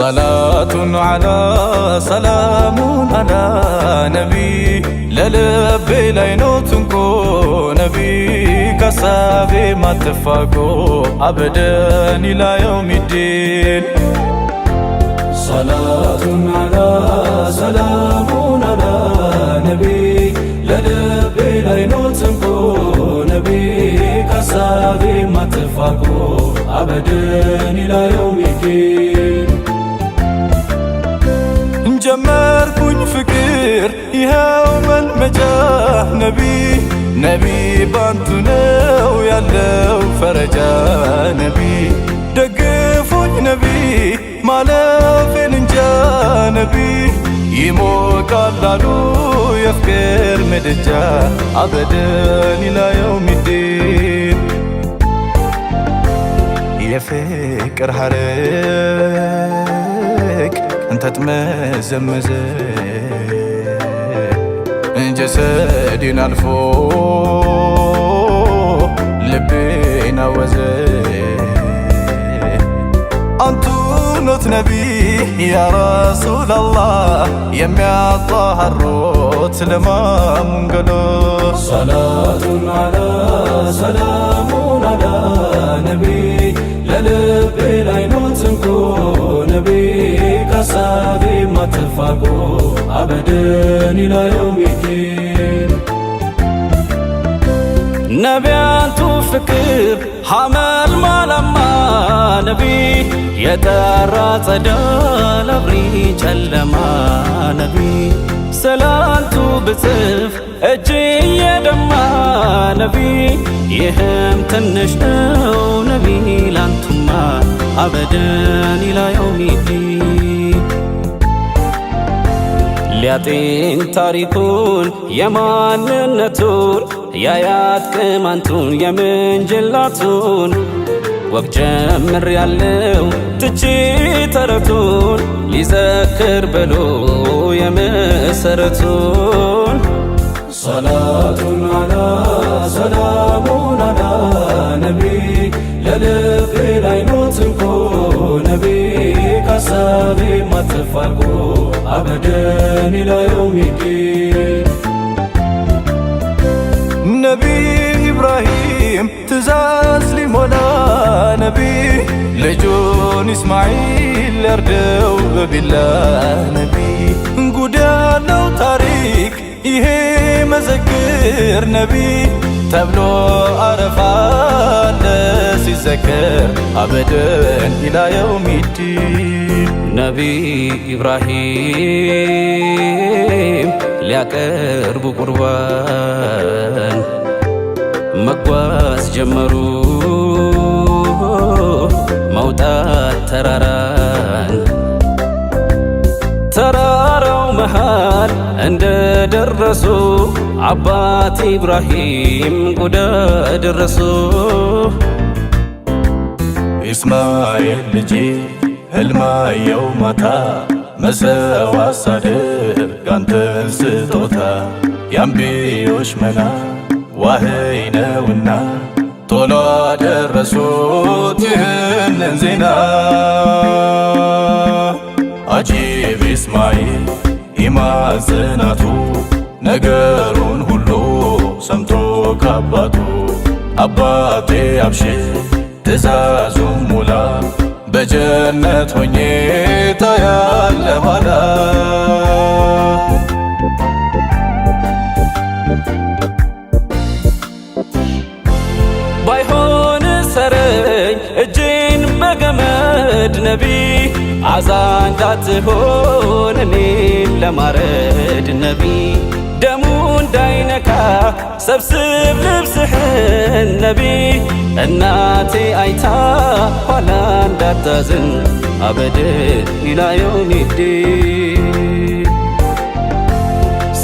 ሰላቱን ዓላ ሰላሙን ዓላ ነቢ ለልቤ ላይ ነው ትንኮ ነቢ ከሳቤ ማትፋቆ አበደን ኢላ የውም ዲን ሰላቱን ዓላ ሰላሙን ዓላ ነቢ ለልቤ ላይ ነው ትንኮ ነቢ ከሳቤ ማትፋቆ አበደን ኢላ የውም ዲን ጀመርኩኝ ፍቅር ይኸው መልመጃ ነቢ ነቢ ባንቱ ነው ያለው ፈረጃ ነቢ ደግፎኝ ነቢ ማለፌን እንጃ ነቢ ይሞቃል አሉ የፍቅር ምድጃ አበደን ይላየው የውሚዲን የፍቅር ሐረግ ተጥመዘመዘ ጀሰዴን አልፎ ልቤን አወዘ አንቱ ኖት ነቢይ ያ ረሱላላህ የሚያጣሃሮት ለማሙን ገሎ ሰላቱን አላ ሰላሙን አላ ነቢይ ለልቤ ላይ ኖት እንኮ ከሐሳቤ ማትፋቆ አበደን ኢላዮሚቴ ነቢያቱ ፍቅር ሐመል ማላማ ነቢ የጠራ ጸዳል አብሪ ጨለማ ነቢ ሰላንቱ ብጽፍ እጅ የደማ ነቢ ይህም ትንሽ ነው ነቢ ላንቱማ አበደን ኢላዮሚቴ ሊያጤን ታሪኩን የማንነቱን የአያት ቅማንቱን የምንጅላቱን ወቅ ጀምር ያለው ትቺ ተረቱን ሊዘክር ብሎ የመሰረቱን ሰላቱን አላ ሰላሙን አላ ነቢ ለልፍላ ዛሬ አጽፍ አበደን ኢላ ዮውሚዲን ነቢይ ኢብራሂም ትእዛዝ ሊሞላ ነቢይ ልጁን እስማዒል ያርደው በቢላ ነቢይ ጉዳለው ታሪክ ይሄ መዘክር ነቢይ ተብሎ አረፋለ ሲዘከር አበደን ኢላ የውሚዲን ነቢይ ኢብራሂም ሊያቀርቡ ቁርባን መጓዝ ጀመሩ መውጣት ተራራን ተራራው መሃል እንደ ደረሱ አባት ኢብራሂም ጉዳ ደረሱ እስማኤል ልጄ ህልማየው ማታ መሰዋ ሳድር ጋንተን ስጦታ የአንቢዮሽ መና ዋህይ ነውና ቶሎ አደረሱት ይህንን ዜና አጂብ እስማኤል ኢማጽናቱ ነገሩን ሁሉ ሰምቶ ካባቱ አባቴ አብሽር ትእዛዙም ሙላ በጀነት ሆኜ ታያለ ኋላ ባይሆን ሰረኝ እጅን በገመድ ነቢ አዛ እንዳትሆን እኔን ለማረድ ነቢ ሰብስብ ልብስህን ነቢ እናቴ አይታ ኋላ እንዳታዝን አበድ ኢላዮኒዲ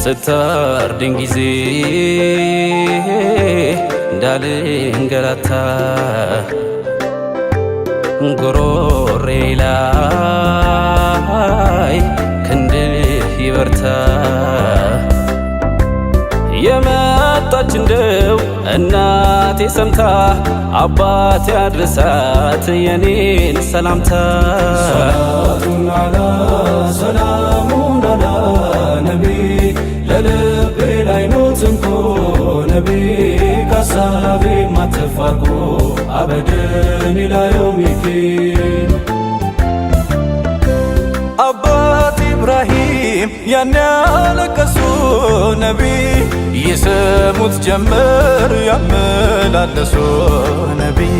ስታርድን ጊዜ እንዳልንገላታ ጉሮሬ ላይ ክንድህ ይበርታ እንደው እናቴ ሰምታ አባቴ አድርሳት የኔን ሰላምታ ሰላቱን አላ ሰላሙን አላ ነቢ ለልቤ ላይ ኖትንኮ ነቢ ካሳቤ አበደን ሚኪ ኢብራሂም ያን ያለቀሱ ነቢይ ይሰሙት ጀመር ያመላለሱ ነቢይ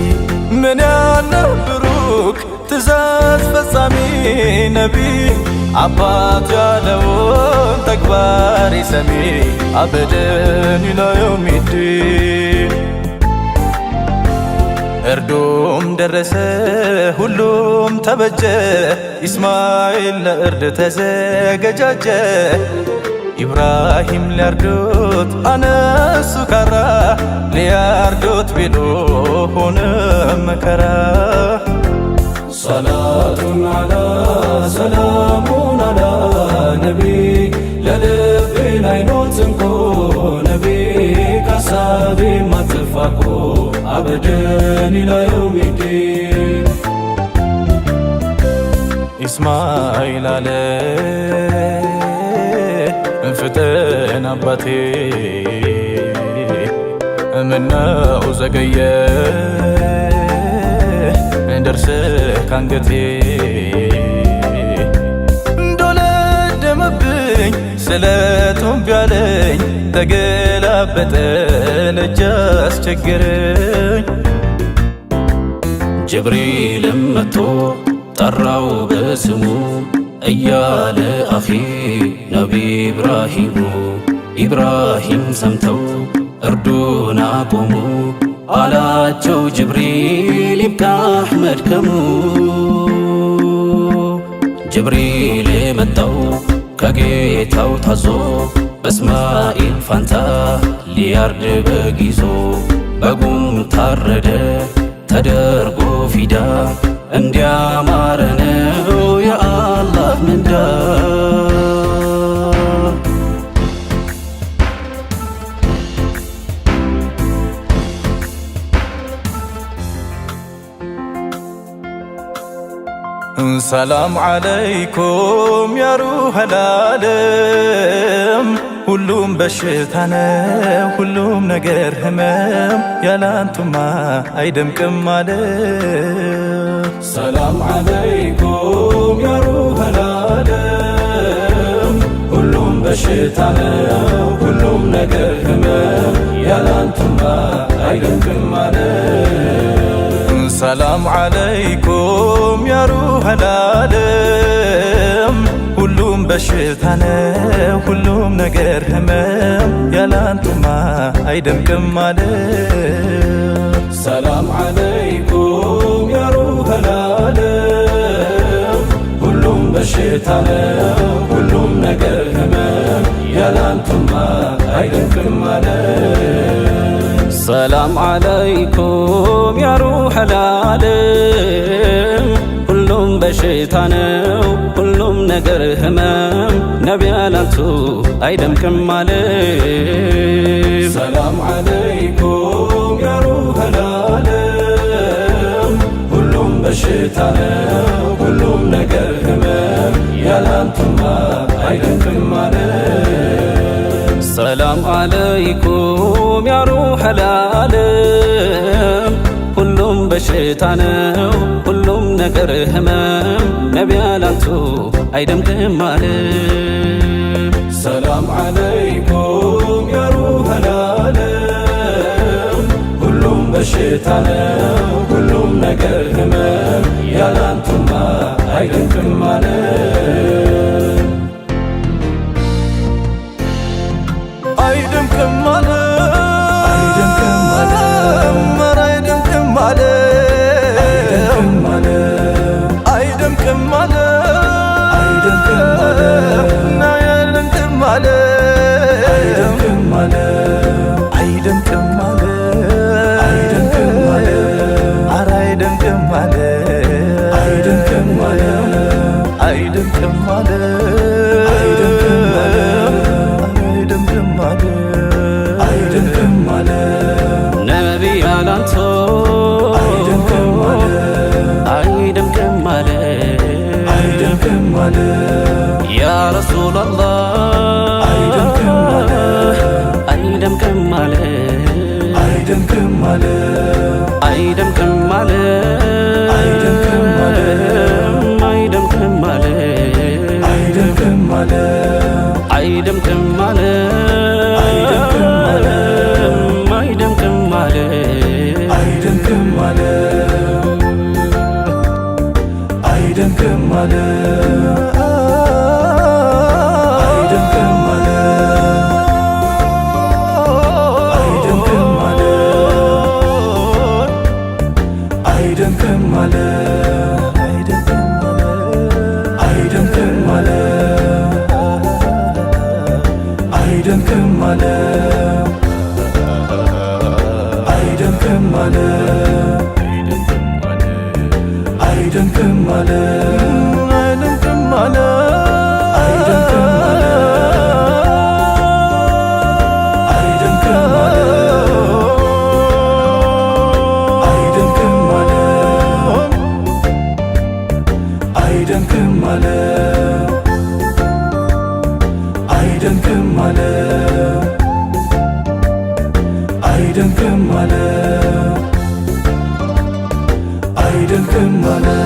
ምን ያለ ብሩክ ትእዛዝ ፈጻሚ ነቢይ አባት ያለውን ተግባር ሰሚ አበደን ኢላ ዮውሚዲን መርዶም ደረሰ ሁሉም ተበጀ። ኢስማኤል ለእርድ ተዘገጃጀ። ኢብራሂም ሊያርዶት አነሱ ካራ ሊያርዶት ቢሎ ሆነ መከራ። ሰላቱን አላ ሰላሙን አላ ነቢ ለልቤ አይኖት እንኮ ነቢ ካሳቢ ማትፋኮ አበደን ኢላዮሚዲ ኢስማኤል አለ እንፍጠን አባቴ ምነው ዘገየ እንደርስ ካንገቴ እንደወለደመብኝ ስለቱም ቢያለኝ ተገላበጠን እጅ አስቸገረኝ። ጅብሪልም መጥቶ ጠራው በስሙ እያለ አኺ ነቢ ኢብራሂሙ ኢብራሂም ሰምተው እርዱን አቆሙ። አላቸው ጅብሪል ይብቃህ መድከሙ ጅብሪል ከጌታው ታዞ በእስማኤል ፋንታ ሊያርድ በግ በጉም ታረደ ተደርጎ ፊዳ እንዲያማረ ነው የአላህ ምንዳ ሰላም አለይኩም ያ ሩሐል ዓለም። ሁሉም በሽታ ነው፣ ሁሉም ነገር ህመም፣ ያላንቱማ አይደምቅም ዓለም። ሰላም አለይኩም ያ ዓለም። ሁሉም በሽታ ነው፣ ሁሉም ነገር ህመም፣ ያላንቱማ አይደምቅም ዓለም። ሰላም አለይኩም ያ ሩሐል ዓለም ሁሉም በሽታ ነው፣ ሁሉም ነገር ህመም ያላንቱማ አይደምቅም ዓለም ሰላም አለይኩም ያ ሩሐል ዓለም ሁሉም በሽታ ነው፣ ሁሉም ነገር ህመም ያላንቱማ አይደምቅም ዓለም ሰላም አለይኩም ያ ሩሐል ዓለም ሁሉም በሽታ ነው፣ ሁሉም ነገር ህመም ነቢያላቱ አይደምቅም አለም። ሰላም አለይኩም ያ ሩሐል ዓለም ሁሉም በሽታ ነው፣ ሁሉም ነገር ህመም ያላንቱማ አይደምቅም አለም። سلام عليكم يا روح العالم كلهم بشيطان كلهم نقر همام نبي علاتو اي دم سلام عليكم يا روح العالم كلهم بشيطان كلهم نقر همام يا لانتو ما اي دم አለ ያ ረሱላላህ አይደምቅም አለ አይደምቅም አለ አይደምቅም አለ አይደምቅም አለ አይደምቅም አለ አይደምቅም አለ አይደምቅም